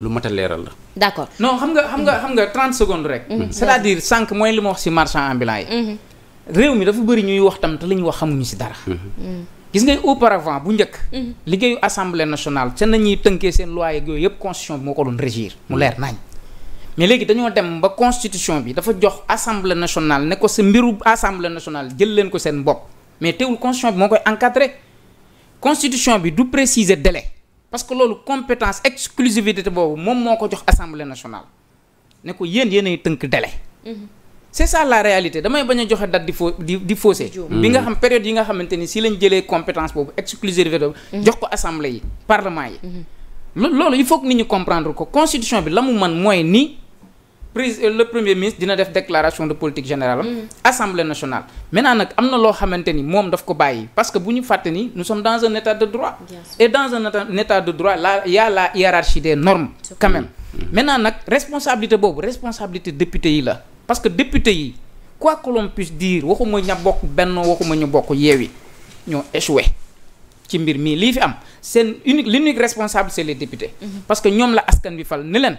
lu mat a leeral la. d'accord non xam nga xam nga xam nga 30 secondes rek. Mm-hmm. Mm-hmm. c'est-à-dire sànq mooy li ma wax ci marchand ambulant yi. Mm-hmm. réew mi dafa bëri ñuy wax tam te li ñu wax xamuñu ci dara. gis nga auparavant bu njëkk. liggéeyu assemblée nationale ca nañuy tënkee seen loi yeeg yëpp constitution bi moo ko doon régir mu leer nañ mais léegi dañoo dem ba constitution bi dafa jox assemblée nationale ne ko sa mbiru assemblée nationale jël leen ko seen bopp mais teewul constitution bi moo koy encadré constitution bi du préciser délai. parce que loolu compétence exclusivité boobu moom moo ko jox assemblée nationale ne ko yéen yéenay tënk délai. Mhm. c' est ça la réalité damay bañ a joxe date di fo di di faussé. bi nga mm. xam période yi nga xamante ni si lañ jëlee compétence boobu exclusivité boobu. Mhm. jox ko assemblée yi parlement yi. Mhm. loolu il faut que nit ñi comprendre ko constitution bi la mu man mooy ni. président euh, le premier ministre dina def déclaration de politique générale am. Mm. assemblée nationale. maintenant nag am na loo xamante ni moom daf ko bàyyi parce que bu ñu fàtte ni nous sommes dans un état de droit. et dans un état de droit la y a la hiérarchie des normes. quand même maintenant nag responsabilité boobu responsabilité député yi la parce que député yi quoi que l'on puisse dire waxuma ña bokk benn waxuma ñu bokk yeewi ñoo échoué. ci mbir mii lii fi am seen unique l'unique responsable c'est les députés. Mm-hmm. parce que ñoom la askan bi fal ni leen.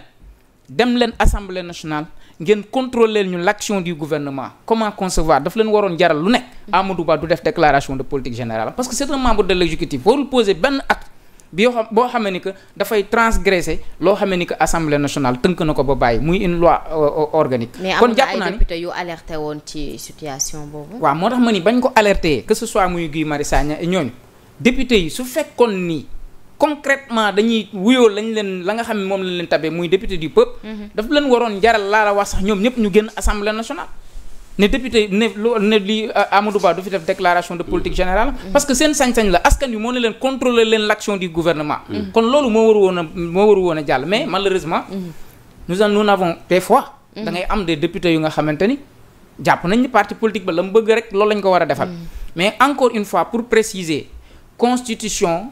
dem leen assemblée nationale ngeen contrôler ñu l'action du gouvernement comment concevoir daf leen waroon jaral lu nekk. Amadou Ba du def déclaration de politique générale parce que c'est un membre de l'exécutif warul poser benn acte bi yoo xam boo xamee ni que dafay transgresser loo xamee ni que assemblée nationale tënk na ko ba bàyyi muy une loi euh, euh, organique. kon jàpp naa ni mais am na ay député yu woon ci situation boobu. waaw moo tax ma ni bañ ko alerter que ce soit muy Guy Marius concrètement dañuy wuyoo lañ leen la nga xam ne moom lañ leen tabee muy député du peuple mhm. daf leen waroon jaral laa la wax sax ñoom ñëpp ñu génn assemblée nationale ne député ne ne li euh, Amadou Ba du fi def déclaration de politique générale mhm. parce que seen sañ-sañ la askan wi moo ne leen contrôler leen l'action du gouvernement mhm. kon loolu moo waru woon a moo waru woon a jàll mais malheureusement nous en nous fois da ngay am des députés yu nga xamante ni jàpp nañ ni parti politique ba la mu bëgg rek loolu lañ ko war a defal mais encore une fois pour préciser constitution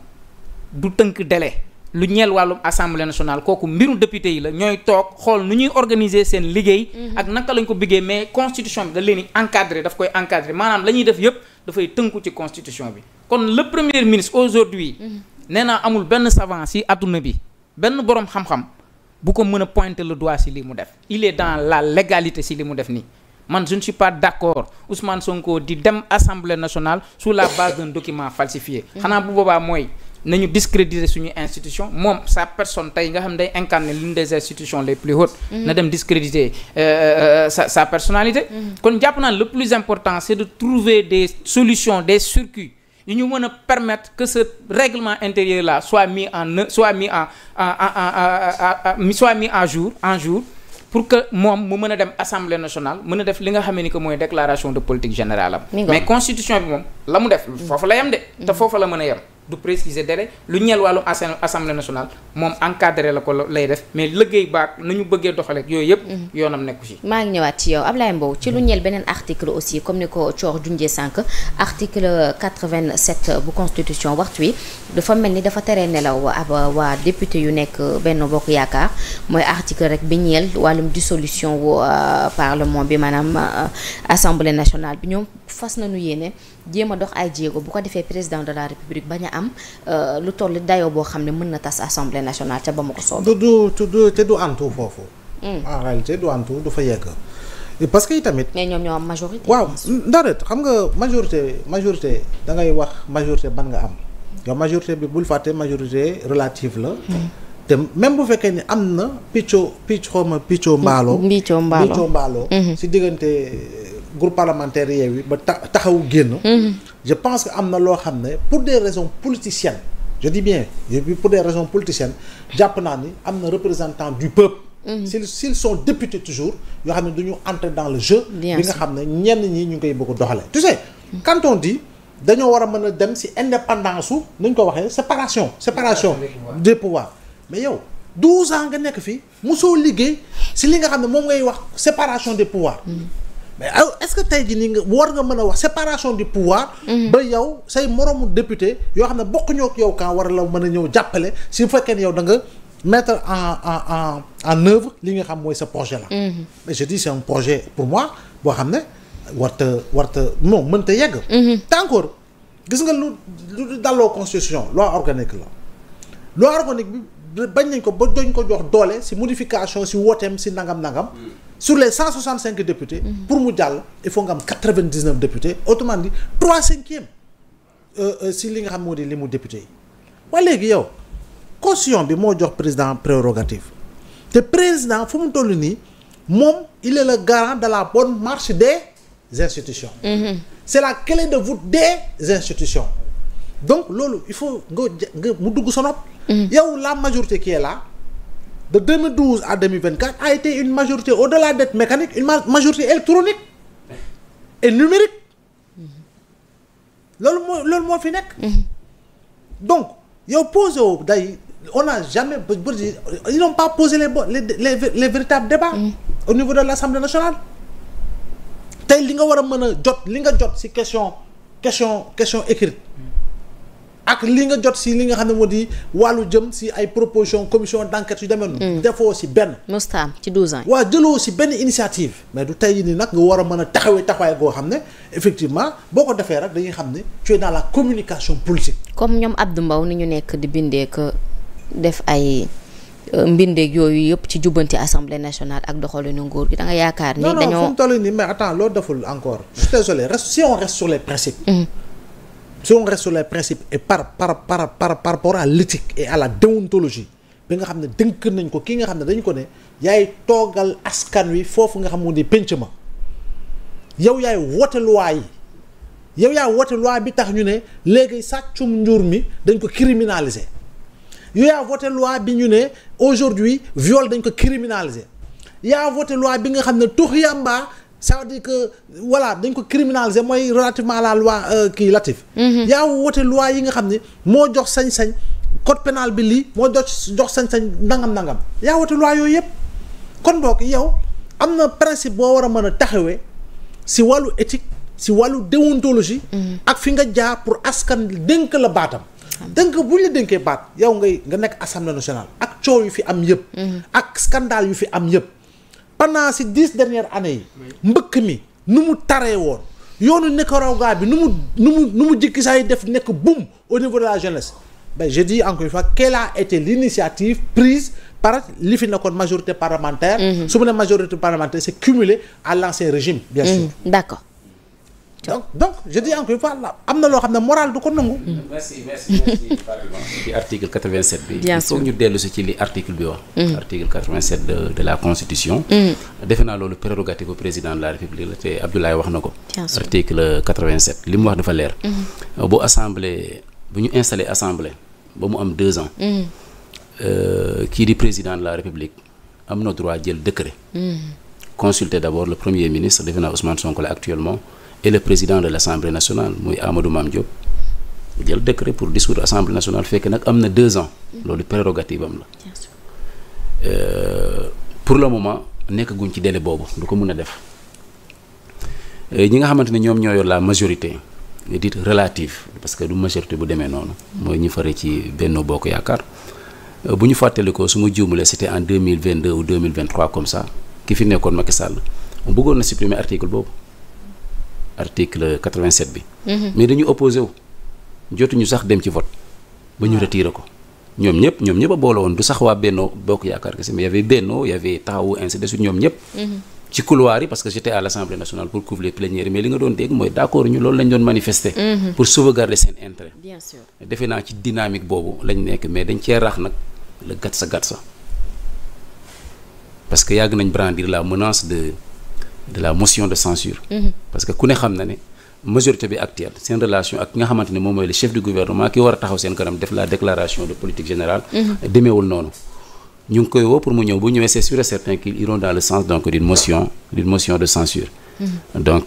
du tënk délai lu ñeel wàllum assemblée national kooku mbiru député yi la ñooy toog xool nu ñuy organiser seen liggéey. Mhm. ak naka lañ ko biggee mais constitution bi da leen di encadrer daf koy encadrer maanaam lañuy def yëpp dafay tënku ci constitution bi. kon le premier ministre aujourd'hui mhm. nee naa amul benn savant si adduna bi benn borom xam-xam bu ko mën a pointer le doigt si lii mu def. il est dans la légalité si li mu def nii. man je ne suis pas d'accord Ousmane Sonko di dem assemblée nationale sous la base document falsifié. Mhm. xanaa bu boobaa mooy. nañu discréditer suñu institution moom sa personne tey nga xam day incarner l'une des institutions les plus hautes mhm. na dem discréditer euh, euh, euh, sa sa personnalité mhm. kon jàpp naa le plus important c'est de trouver des solutions des circuits yu ñu mën a permettre que ce règlement intérieur là soit mis en soit mis en en soit mis en jour en jour pour que moom mu mën a dem assemblée nationale a def li nga xamee ni que mooy déclaration de politique générale am mais constitution bi moom la mu def foofu la yem de te mhm. foofu la mën a yem du préciser délai lu ñeel wàllu assemblée nationale moom encadré la ko lay def mais liggéey baak nañu bëggee doxaleek yooyu yëpp mhm. yoonam nekku ci maa ngi ñëwaat ci yow Ablaye Mbow ci lu mhm. ñeel beneen article aussi comme ni ko Thior junjee sànq article 87 bu constitution waxtu wi dafa mel ni dafa tere nelaw ab waa député yu nekk benn bokk yaakaar mooy article rek bi ñeel wàllum dissolution wu euh, parlement bi maanaam euh, assemblée nationale bi ñoom fas nañu yéene jéem a dox ay am euh, lu toll dayoo boo xam ne mën na tas assemblée nationale ca ba ma ko soobee. du du te du antu foofu. Hmm. en réalité du antu du fa yegg. parce que tamit. mais ñoom ñoo am xam nga majorité majorité da ngay wax majorité ban nga am. yow majorité bi bul fàtte majorité relative la. Hmm. te même bu fekkee ni am na picco picco ma picco mbaalo. mbico hmm, mbaalo mbico mbaalo. si diggante groupe parlementaire yeewi ba taxawu génn. je pense que am na loo xam ne pour des raisons politiciennes je dis bien pour des raisons politiciennes jàpp naa ni am na représentant du peuple. Mhm. s'ils s'ils sont députés toujours yoo xam ne du ñu entrer dans le jeu. bi nga xam ne ñenn ñi ñu ngi koy bëgg a doxalee. tu sais quand on dit dañoo war a mën a dem si indépendance su nu ko waxee séparation. séparation des pouvoirs mais yow 12 ans nga nekk fii mosoo liggéey si li nga xam ne moom ngay wax séparation des pouvoirs. Mhm. mais est-ce que tey ji nii nga war nga mën a wax séparation du pouvoir. Mhm. ba yow say moromu député yoo xam ne bokkuñoo ak yow kaa war la mën a ñëw jàppale si bu fekkee ne yow da nga mettre en en en en œuvre li nga xam mooy sa projet la. Mhm. mais je dis c'est projet pour moi boo xam ne warta warta mën mënta yegg. tànkoor mhm. gis nga lu lu dalloo constitution loi organique la loi organique bi bañ nañ ko ba doñ ko jox doole si modification si wooteem si nangam nangam. Mm. sur les cent 165 cinq Mmh. pour mu jàll il faut nga am 99 députés autrement dit 3 cinquièmes euh, euh, si li nga xam moo di li mu député yi. waaye léegi yow caution bi moo jox président prérogative te président fu mu toll nii moom il la le garant de la bonne marche des institutions. Mmh. c'est la clé de voute des institutions. donc loolu il faut nga mu dugg sa nopp. Mhm. yow la majorité qui est là. de 2012 à 2024 a été une majorité au-delà d'être mécanique une majorité électronique et numérique mm-hmm. loolu moo loolu moo fi nekk. Mm-hmm. donc yow posé wu day on n'a jamais ils n'ont pas posé les les les les véritables débats. Mmh. au niveau de l'Assemblée nationale. tey li nga war a mën a jot li nga jot si question question question écrite. Mm-hmm. ak li nga jot si li nga xam ne moo di wàllu jëm si ay proposition commission d'enquête yu demee noonu. Mm. defoo si benn. mustaam ci 12 ans. waaw jëloo si benn initiative. mais du tey nii nag nga war a mën a taxawee taxawaay goo xam ne effectivement boo ko defee rek dañuy xam ne tu es dans la communication politique. comme ñoom Abdou mbaw ni ñu nekk di bindee def ay. Euh, mbindeeg yooyu yëpp ci jubbanti assemblée nationale ak doxalinu nguur gi da nga yaakaar ni. dañoo non non fu mu toll nii mais attends si on reste sur les principes et par par par par par rapport à l'éthique et à la déontologie bi nga xam ne dënk nañ ko kii nga xam ne dañ ko ne yaay toogal askan wi foofu nga xam moo di pénc ma yow yaay woote loi yi yow yaa woote loi bi tax ñu ne léegi sàccum njur mi dañ ko criminaliser yow yaa woote loi bi ñu ne aujourd'hui viol dañ ko criminaliser yaa voté loi bi nga xam ne tux yàmbaa ça veut que voilà dañ ko criminaliser mooy relativement à la loi euh, kii Latif. Mhm. yaa woote loi yi nga xam ne moo jox sañ-sañ code pénal bi lii moo jox jox sañ-sañ nangam nangam yaa woote loi yooyu yëpp kon boog yow am na principe boo war a mën a taxawee si wàllu éthique si wàllu déontologie. Mhm. ak fi nga jaar pour askan dënk la baatam. dënk bu ñu la dénkee baat yow ngay nga nekk assemblée national ak coow yu fi am yëpp. Mhm. ak scandale yu fi am yëpp. pendant ces dix dernières année yi mbëkk mi nu mu taree woon yoonu Nicaragua bi nu mu nu mu nu mu jikki saa yi def nekk bum au niveau de la jeunesse ben je dis encore une fois quelle a l'initiative prise par li fi nekkoon majorité parlementaire mhm. su mu ne majorité parlementaire c'est cumulé à l'ancien régime bien mhm. sûr donc donc je dis encore am na loo xam ne moral du ko nangu. merci merci merci ci bi. bien ñu dellu si ci li article bi wax. Mm. article 87 de de la constitution. Mm. defe naa loolu prérogative bu président de la république la te Abdoulaye wax na ko. article 87 li mu wax dafa leer. Mm-hmm. bu assemblée bu ñu installé assemblée ba mu am deux ans. Mm. Euh, kii di président de la république am na droit jël décret. consulter d' abord le premier ministre defe naa Ousmane Sonko la actuellement. et le président de l' assemblée nationale muy Amadou Mame Diop jël décret pour dissoudre assemblée nationale fekk nag am na deux ans loolu prérogative am la euh, pour le moment nekk guñ ci dele boobu du ko mën a def euh, ñi nga xamante ñoom ñoo yor la majorité dit relative parce que du majorité bu demee noonu mooy ñu fare ci Benno Bokk Yaakaar euh, bu ñu fàttalikoo su ma juumalee c'était en 2022 ou 2023 comme ça ki fi nekkoon Macky Sall mu bëggoon na supprimer article boobu article 87 bi. Mhm. mais dañu opposé wu jotuñu sax dem ci vote ba ñu ah. retiré ko. ñoom ñëpp ñoom ñëpp a boole woon du sax waa Benno Bokk Yaakaar kese mais y avait Benno y avait Taxawu ainsi de ñoom ñëpp. Mhm. ci couloir yi parce que j'étais à l'Assemblée nationale pour couvrir plénière mais li nga doon dégg mooy d'accord ñu loolu lañ doon manifester. Mhm. pour sauvegarder seen intérêt. defe naa ci dynamique boobu lañ nekk mais dañ cee rax nag la gatsa gatsa de la motion de censure mm-hmm. parce que ku ne xam na ne majorité bi actuelle seen relation ak nga xamante ne moom mooy le chef du gouvernement ki war a taxaw seen kanam def la déclaration de politique générale mm-hmm. demeewul noonu ñu ngi koy woo pour mu ñëw bu ñëwee c'est sûr et certain qu'ils iront dans le sens donc d'une motion d'une motion de censure mm-hmm.